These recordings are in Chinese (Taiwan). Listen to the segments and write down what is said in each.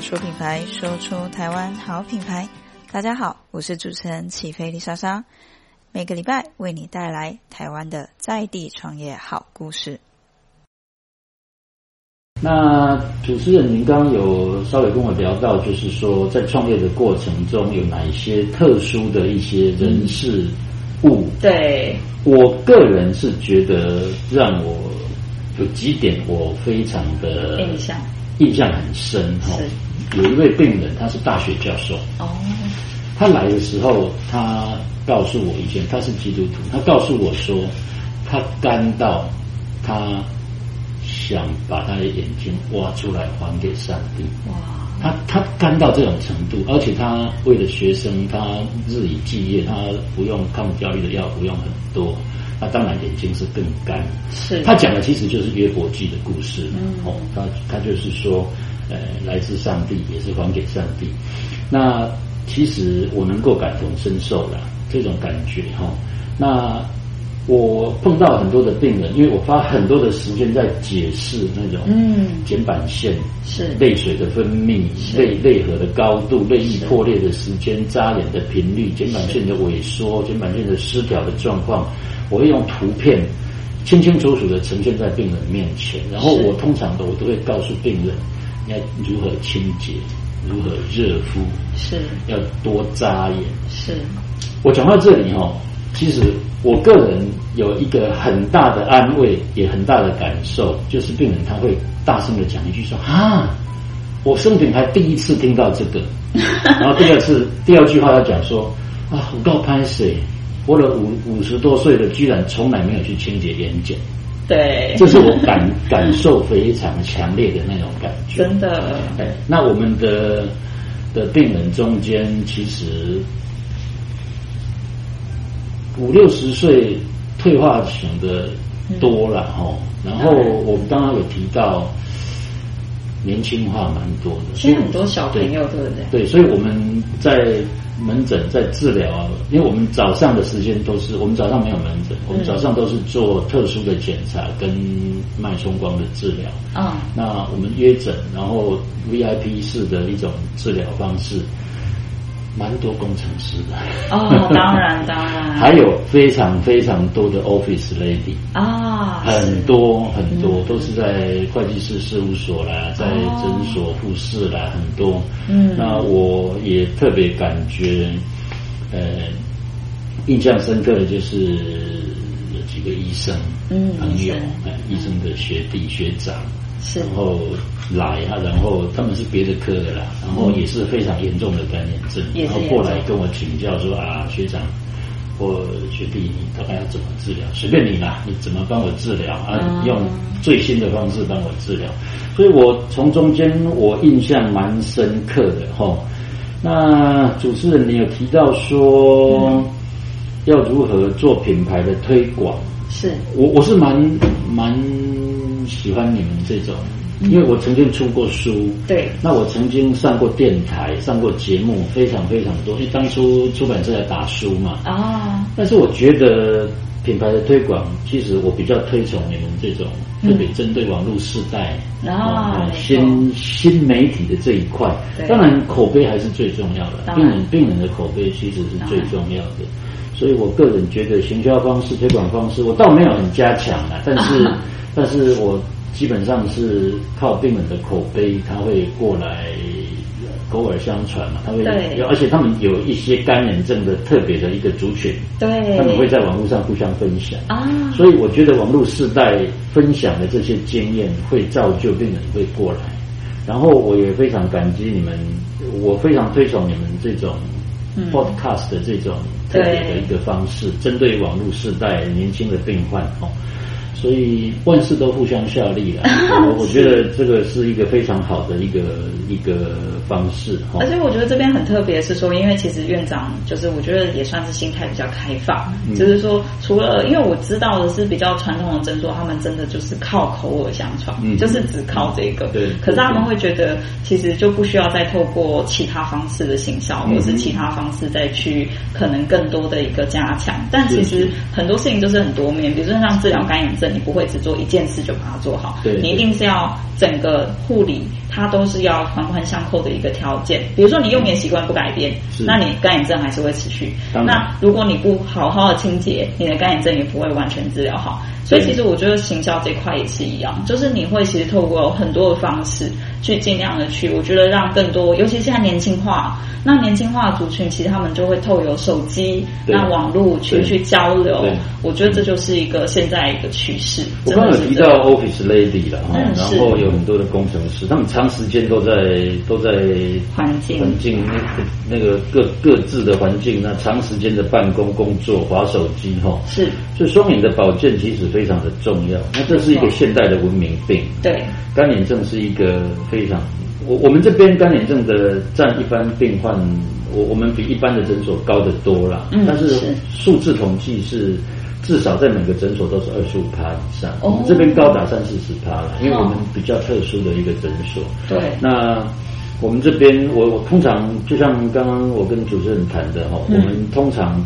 說品牌，說出台灣好品牌。大家好，我是主持人起飛麗莎莎，每個禮拜為你帶來台灣的在地創業好故事。那主持人，您剛剛有稍微跟我聊到，就是說在創業的過程中，有哪一些特殊的一些人事物？對我個人是覺得讓我有幾點我非常的印象。印象很深哈、哦，有一位病人，他是大學教授。哦，他來的時候，他告訴我一件，他是基督徒。他告訴我說，他乾到他想把他的眼睛挖出來還給上帝。哇！他他乾到這種程度，而且他為了學生，他日以繼夜，他不用抗焦慮的藥，不用很多。他、啊、當然，眼睛是更乾。是。他講的其實就是約伯記的故事。嗯。哦、他他就是說，呃，來自上帝，也是還給上帝。那其實我能夠感同身受的這種感覺，哈、哦。那我碰到很多的病人，因為我花很多的時間在解釋那種瞼板腺，嗯，瞼板腺是淚水的分泌，淚淚河的高度，淚液破裂的時間，眨眼的頻率，瞼板腺的萎縮，瞼板腺的失調的狀況。我會用圖片清清楚楚地呈現在病人面前，然後我通常的我都會告訴病人，該如何清潔，如何熱敷，是，要多扎眼，是。我講到這裡哦，其實我個人有一個很大的安慰，也很大的感受，就是病人他會大聲地講一句說啊，我生平還第一次聽到這個， 然後第二次第二句話他講說啊，我到拍謝。活了五五十多歲的，居然從來沒有去清潔眼瞼，對，這是我感感受非常強烈的那種感覺。真的。哎，那我們的的病人中間，其實五六十歲退化型的多了哈、嗯。然後我們剛剛有提到。年輕化蠻多的，所以很多小朋友對不對？對，所以我們在門診在治療，因為我們早上的時間都是，我們早上沒有門診，我們早上都是做特殊的檢查跟脈衝光的治療啊、嗯。那我們約診，然後 VIP 式的一種治療方式。蠻多工程師的 哦，當然當然，還有非常非常多的 office lady 啊、哦，很多很多、嗯、都是在會計師事務所啦，嗯、在診所護士啦、哦，很多。嗯，那我也特別感覺，呃，印象深刻的就是有幾個醫生，嗯，朋友，哎，醫生的學弟學長。是然後來啊，然後他們是別的科的啦，然後也是非常嚴重的乾眼症，嗯，然後過來跟我請教說啊，也也學長或學弟，你大概要怎麼治療？隨便你啦，你怎麼幫我治療、嗯、啊？用最新的方式幫我治療。所以我從中間我印象蠻深刻的哈。那主持人你有提到說，嗯，要如何做品牌的推廣？是我我是蠻蠻。喜歡你們這種，因為我曾經出過書，對，那我曾經上過電台，上過節目，非常非常多。因為當初出版社在打書嘛，啊，但是我覺得品牌的推廣，其實我比較推崇你們這種，特別針對網絡時代，啊、嗯嗯，新新媒體的這一塊，當然口碑還是最重要的，病人病人的口碑其實是最重要的。所以我個人覺得，行銷方式、推廣方式，我倒沒有很加強啊。但是，但是我基本上是靠病人的口碑，他會過來口耳相傳嘛。他會，而且他們有一些乾眼症的特別的一個族群，對，他們會在網絡上互相分享啊。所以我覺得網絡世代分享的這些經驗，會造就病人會過來。然後我也非常感激你們，我非常推崇你們這種 Podcast 的這種，嗯。特別的一個方式，對，針對網絡時代年輕的病患哦。所以萬事都互相效力了，啊、我覺得這個是一個非常好的一個一個方式哈。而且我覺得這邊很特別是說，因為其實院長就是我覺得也算是心態比較開放，嗯、就是說除了因為我知道的是比較傳統的診所，他們真的就是靠口耳相傳，嗯，就是只靠這個、嗯嗯。對。可是他們會覺得其實就不需要再透過其他方式的行銷，或、嗯、是其他方式再去可能更多的一個加強。嗯、但其實很多事情都是很多面，比如說像治療乾眼。你不會只做一件事就把它做好，你一定是要整個護理。它都是要環環相扣的一個條件。比如說你用眼習慣不改變，那你乾眼症還是會持續。那如果你不好好的清潔，你的乾眼症也不會完全治療好。所以其實我覺得行銷這塊也是一樣，就是你會其實透過很多的方式去儘量的去，我覺得讓更多，尤其現在年輕化，那年輕化的族群其實他們就會透過手機、那網絡去去交流對對。我覺得這就是一個現在一個趨勢。真的是這個、我剛才有提到 Office Lady 了、嗯，然後有很多的工程師，他、嗯、們才。長時間都在都在環境環境那個那個各各自的環境，那長時間的辦公工作滑手機吼，是，所以雙眼的保健其實非常的重要。那這是一個現代的文明病，對，乾眼症是一個非常，我我們這邊乾眼症的佔一般病患，我我們比一般的診所高得多了，嗯，但是數字統計是。至少在每個診所都是二十五趴以上，哦、我們這邊高達三四十趴了，因為我們比較特殊的一個診所。對，那我們這邊，我我通常就像剛剛我跟主持人談的哈、嗯，我們通常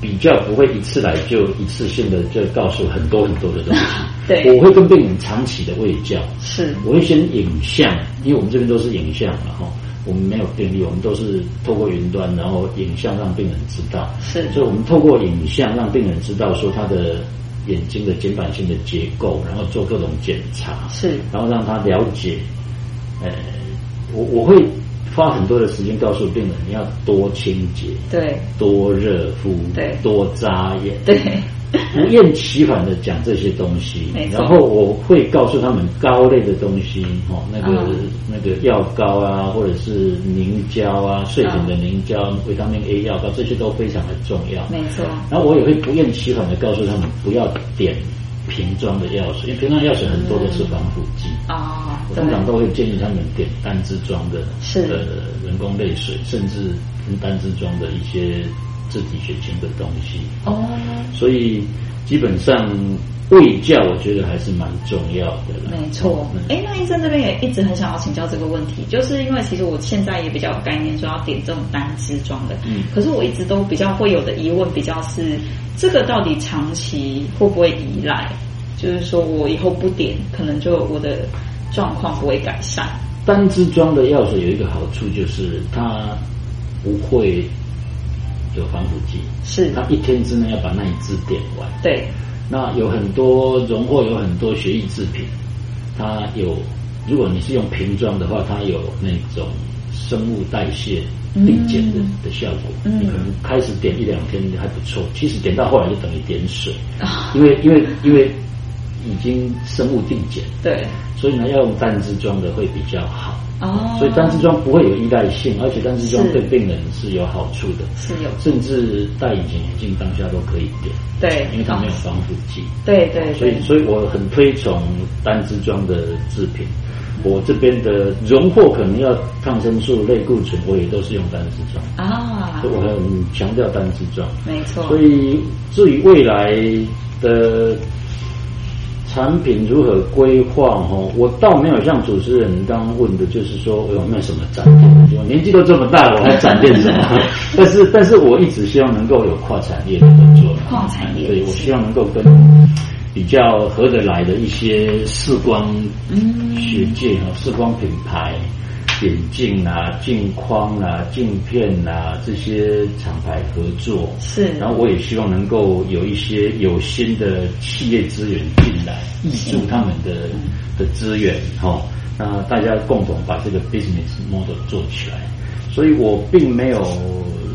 比較不會一次來就一次性的就告訴很多很多的東西。對，我會跟病人長期的衛教。是，我會先影像，因為我們這邊都是影像了哈。我們沒有病歷，我們都是透過雲端，然後影像讓病人知道。是，所以我們透過影像讓病人知道說他的眼睛的瞼板腺的結構，然後做各種檢查。是，然後讓他了解。呃，我我會。花很多的時間告訴病人，你要多清潔，對，多熱敷，對，多眨眼，對，不 厭其煩的講這些東西。然後我會告訴他們膏類的東西，哦，那個、啊、那個藥膏啊，或者是凝膠啊，睡前的凝膠、啊、維他命 A 藥膏，這些都非常的重要。沒錯。然後我也會不厭其煩的告訴他們不要點。瓶裝的藥水，因為瓶裝藥水很多都是防腐劑啊，我通常都會建議他們點單支裝的，是呃人工淚水，甚至跟單支裝的一些自體血清的東西哦，所以。基本上，衛教我覺得還是蠻重要的啦。沒錯，哎，那醫生這邊也一直很想要請教這個問題，就是因為其實我現在也比較有概念說要點這種單支裝的，嗯，可是我一直都比較會有的疑問比較是這個到底長期會不會依賴？就是說我以後不點，可能就我的狀況不會改善。單支裝的藥水有一個好處就是它不會。有防腐劑，是它一天之內要把那一支點完。對，那有很多榮獲，有很多血液製品，它有如果你是用瓶裝的話，它有那種生物代謝遞減的的效果，嗯。你可能開始點一兩天還不錯，其實點到後來就等於點水，啊。因為因為因為。因為已經生物定檢，對，所以呢，要用單支裝的會比較好。哦，嗯、所以單支裝不會有依賴性，而且單支裝對病人是有好處的。是，是有，甚至戴隱形眼鏡當下都可以點。對，因為它沒有防腐劑。哦、對，對對。所以，所以我很推崇單支裝的製品、嗯。我這邊的榮獲可能要抗生素類固醇，我也都是用單支裝。啊、哦，所以我很強調單支裝、嗯。沒錯。所以，至於未來的。產品如何規劃？哈，我倒沒有像主持人剛問的，就是說有、哎、沒有什麼展？我年紀都這麼大了，我還展店什麼？但是，但是我一直希望能夠有跨產業的合作，跨產業，對，我希望能夠跟比較合得來的一些視光學界啊嗯、視光品牌。眼鏡啊，鏡框啊，鏡片啊，這些廠牌合作是，然後我也希望能夠有一些有新的企業資源進來，挹注他們的、嗯、的資源，哈、哦，那大家共同把這個 business model 做起來，所以我並沒有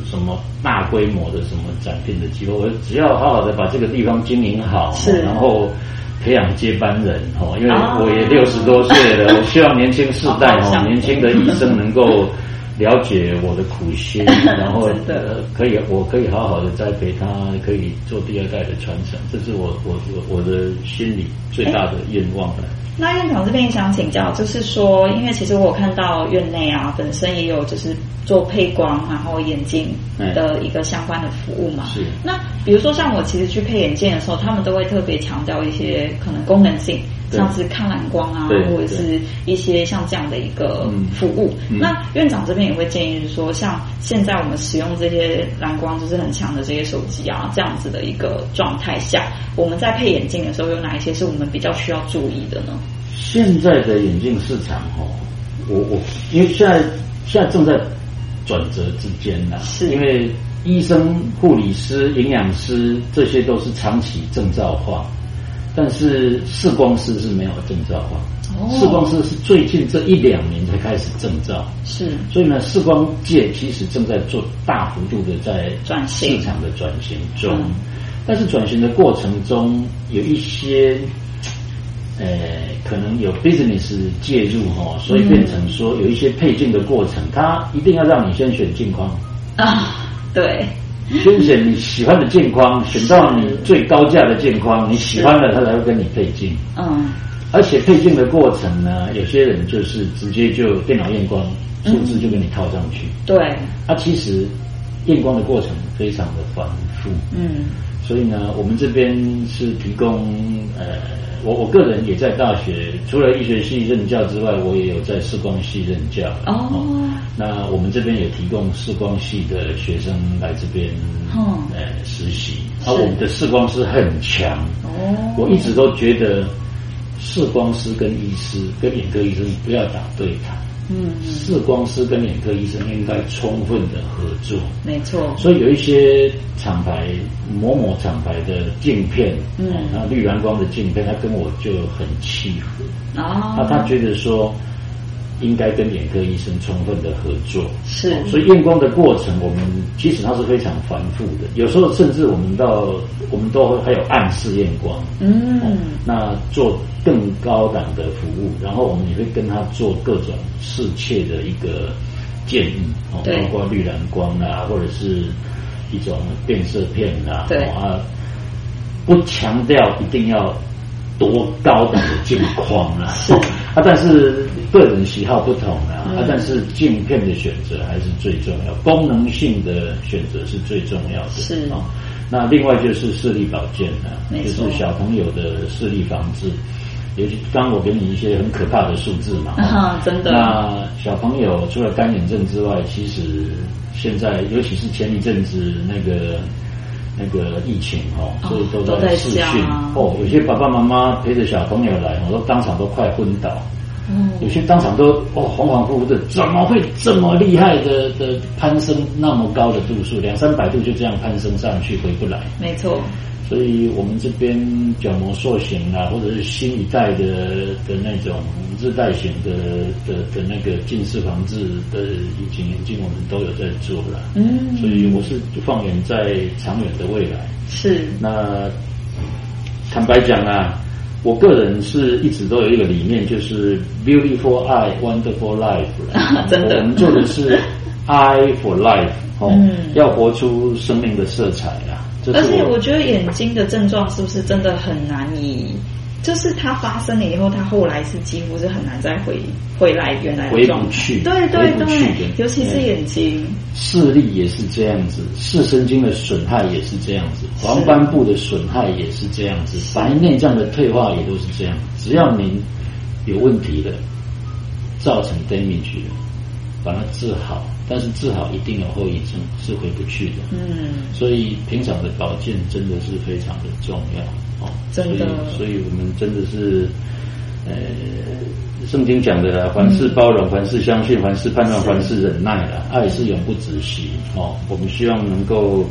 什麼大規模的什麼展店的機會，我只要好好的把這個地方經營好，是，然後。培養接班人，吼，因為我也六十多歲了，我希望年輕世代，吼，年輕的醫生能夠了解我的苦心， 然後 真的、呃、可以，我可以好好的栽培他，可以做第二代的傳承，這是我我我我的心裡最大的願望了。那院長這邊也想請教，就是說，因為其實我看到院內啊，本身也有就是做配光，然後眼鏡的一個相關的服務嘛。是那比如說像我其實去配眼鏡的時候，他們都會特別強調一些可能功能性。像是抗藍光啊，或者是一些像這樣的一個服務。嗯嗯、那院長這邊也會建議說，像現在我們使用這些藍光就是很強的這些手機啊，這樣子的一個狀態下，我們在配眼鏡的時候有哪一些是我們比較需要注意的呢？現在的眼鏡市場哦，我我因為現在現在正在轉折之間呢，啊，是因為醫生、護理師、營養師這些都是長期證照化。但是視光師是沒有證照哦，視光師是最近這一兩年才開始證照，是，所以呢視光界其實正在做大幅度的在市場的轉型中轉型，嗯，但是轉型的過程中有一些，呃，可能有 business 介入哈、哦，所以變成說有一些配鏡的過程，他，嗯、一定要讓你先選鏡框，嗯、啊，對。先選，選你喜歡的鏡框，選到你最高價的鏡框，你喜歡了，他才會跟你配鏡。嗯，而且配鏡的過程呢，有些人就是直接就電腦驗光，數字就給你套上去。對。啊，其實驗光的過程非常的繁複。嗯。所以呢，我們這邊是提供呃，我我個人也在大學，除了醫學系任教之外，我也有在視光系任教、嗯。哦、嗯。那我們這邊也提供視光系的學生來這邊，嗯，呃，實習。那我們的視光師很強，哦，我一直都覺得視光師跟醫師、嗯、跟眼科醫生不要打對台，嗯，嗯、視光師跟眼科醫生應該充分的合作，沒錯。所以有一些廠牌某某廠牌的鏡片，嗯，哦、那濾藍光的鏡片，他跟我就很契合，哦，他覺得說。應該跟眼科醫生充分的合作。是。哦、所以驗光的過程，我們其實它是非常繁複的。有時候甚至我們到我們都會還有暗視驗光嗯嗯。嗯。那做更高檔的服務，然後我們也會跟他做各種適切的一個建議、哦，包括濾藍光啊，或者是一種變色片啊。對、哦。啊，不強調一定要多高檔的鏡框啊。 是。啊，但是。個人喜好不同啊，嗯、啊但是鏡片的選擇還是最重要，功能性的選擇是最重要的。是、哦。那另外就是視力保健了、啊，就是小朋友的視力防治。尤其剛剛我給你一些很可怕的數字嘛。啊、嗯、真的。那小朋友除了乾眼症之外，其實現在尤其是前一陣子那個那個疫情哦，所、哦、以都在視訊、啊、哦，有些爸爸媽媽陪着小朋友來，我都當場都快昏倒。嗯，有些當場都哦恍恍惚惚的，怎麼會這麼厲害的的攀升那麼高的度數？兩三百度就這樣攀升上去，回不來。沒錯，所以我們這邊角膜塑形啊，或者是新一代的的那種日戴型的的的那個近視防治的隱形眼鏡，我們都有在做了。嗯，所以我是放眼在長遠的未來。是，那坦白講啊。我個人是一直都有一個理念，就是 beautiful eye, wonderful life。 真的，我們做的是 eye for life。 嗯，要活出生命的色彩啊！而且我覺得眼睛的症狀是不是真的很難以？就是它發生了以後，它後來是幾乎是很難再回回來原來回不去，對對對，回不去，尤其是眼睛，視力也是這樣子，視神經的損害也是這樣子，黃斑部的損害也是這樣子，白內障的退化也都是這樣是。只要您有問題的，造成 damage 了，把它治好，但是治好一定有後遺症，是回不去的。嗯，所以平常的保健真的是非常的重要。哦，所以所以，我們真的是，呃，聖經講的，凡事包容，凡事相信，凡事盼望，凡事忍耐啦，愛是永不止息。哦，我們希望能夠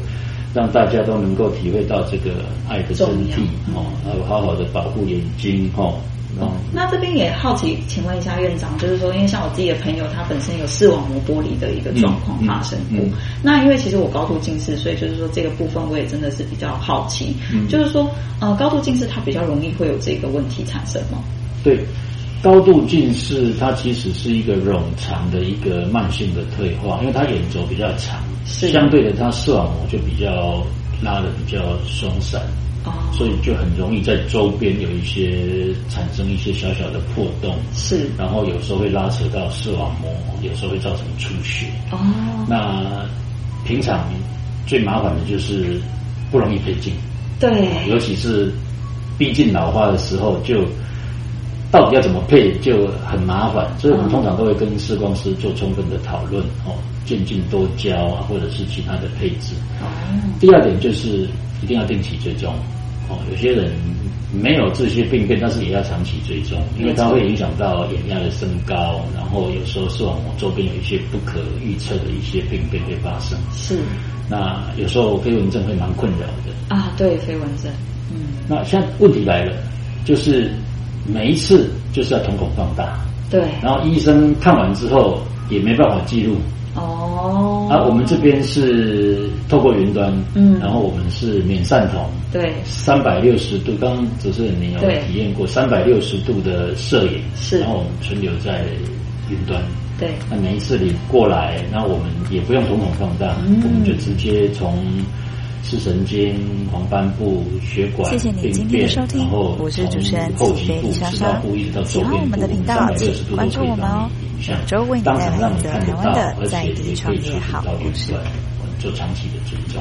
讓大家都能夠體會到這個愛的真諦。哦，還有好好的保護眼睛。哦。哦、嗯，那這邊也好奇，請問一下院長，就是說，因為像我自己的朋友，他本身有視網膜剝離的一個狀況、嗯、發生過、嗯嗯。那因為其實我高度近視，所以就是說這個部分我也真的是比較好奇，嗯、就是說，呃，高度近視它比較容易會有這個問題產生嗎？對，高度近視它其實是一個冗長的一個慢性的退化，因為它眼軸比較長是，相對的它視網膜就比較拉得比較鬆散。哦、oh.，所以就很容易在周邊有一些產生一些小小的破洞，是，然後有時候會拉扯到視網膜，有時候會造成出血。哦、oh.，那平常最麻煩的就是不容易配鏡，對，尤其是畢竟老化的時候，就到底要怎麼配就很麻煩，所以我們通常都會跟視光師做充分的討論，oh. 哦，漸進多焦啊，或者是其他的配置。Oh. 第二點就是。一定要定期追蹤，哦，有些人沒有這些病變，但是也要長期追蹤，因為它會影響到眼壓的升高，然後有時候視網膜周邊有一些不可預測的一些病變會發生。是，那有時候飛蚊症會蠻困擾的。啊，對，飛蚊症，嗯，那現在問題來了，就是每一次就是要瞳孔放大，對，然後醫生看完之後也沒辦法記錄。哦，啊，我們這邊是透過雲端，嗯，然後我們是免散瞳，對，三百六十度，剛剛只是你有體驗過三百六十度的攝影，是，然後我們存留在雲端，對，那、啊、每一次你過來，那我們也不用瞳孔放大、嗯，我們就直接從。視神經、黃斑部、血管病變謝謝，然後從後極部、視交叉部一直到視乳頭，二十度以上，影響我們、哦。當然，讓你看得到，而且也可以去到底算，做、嗯、長期的追蹤。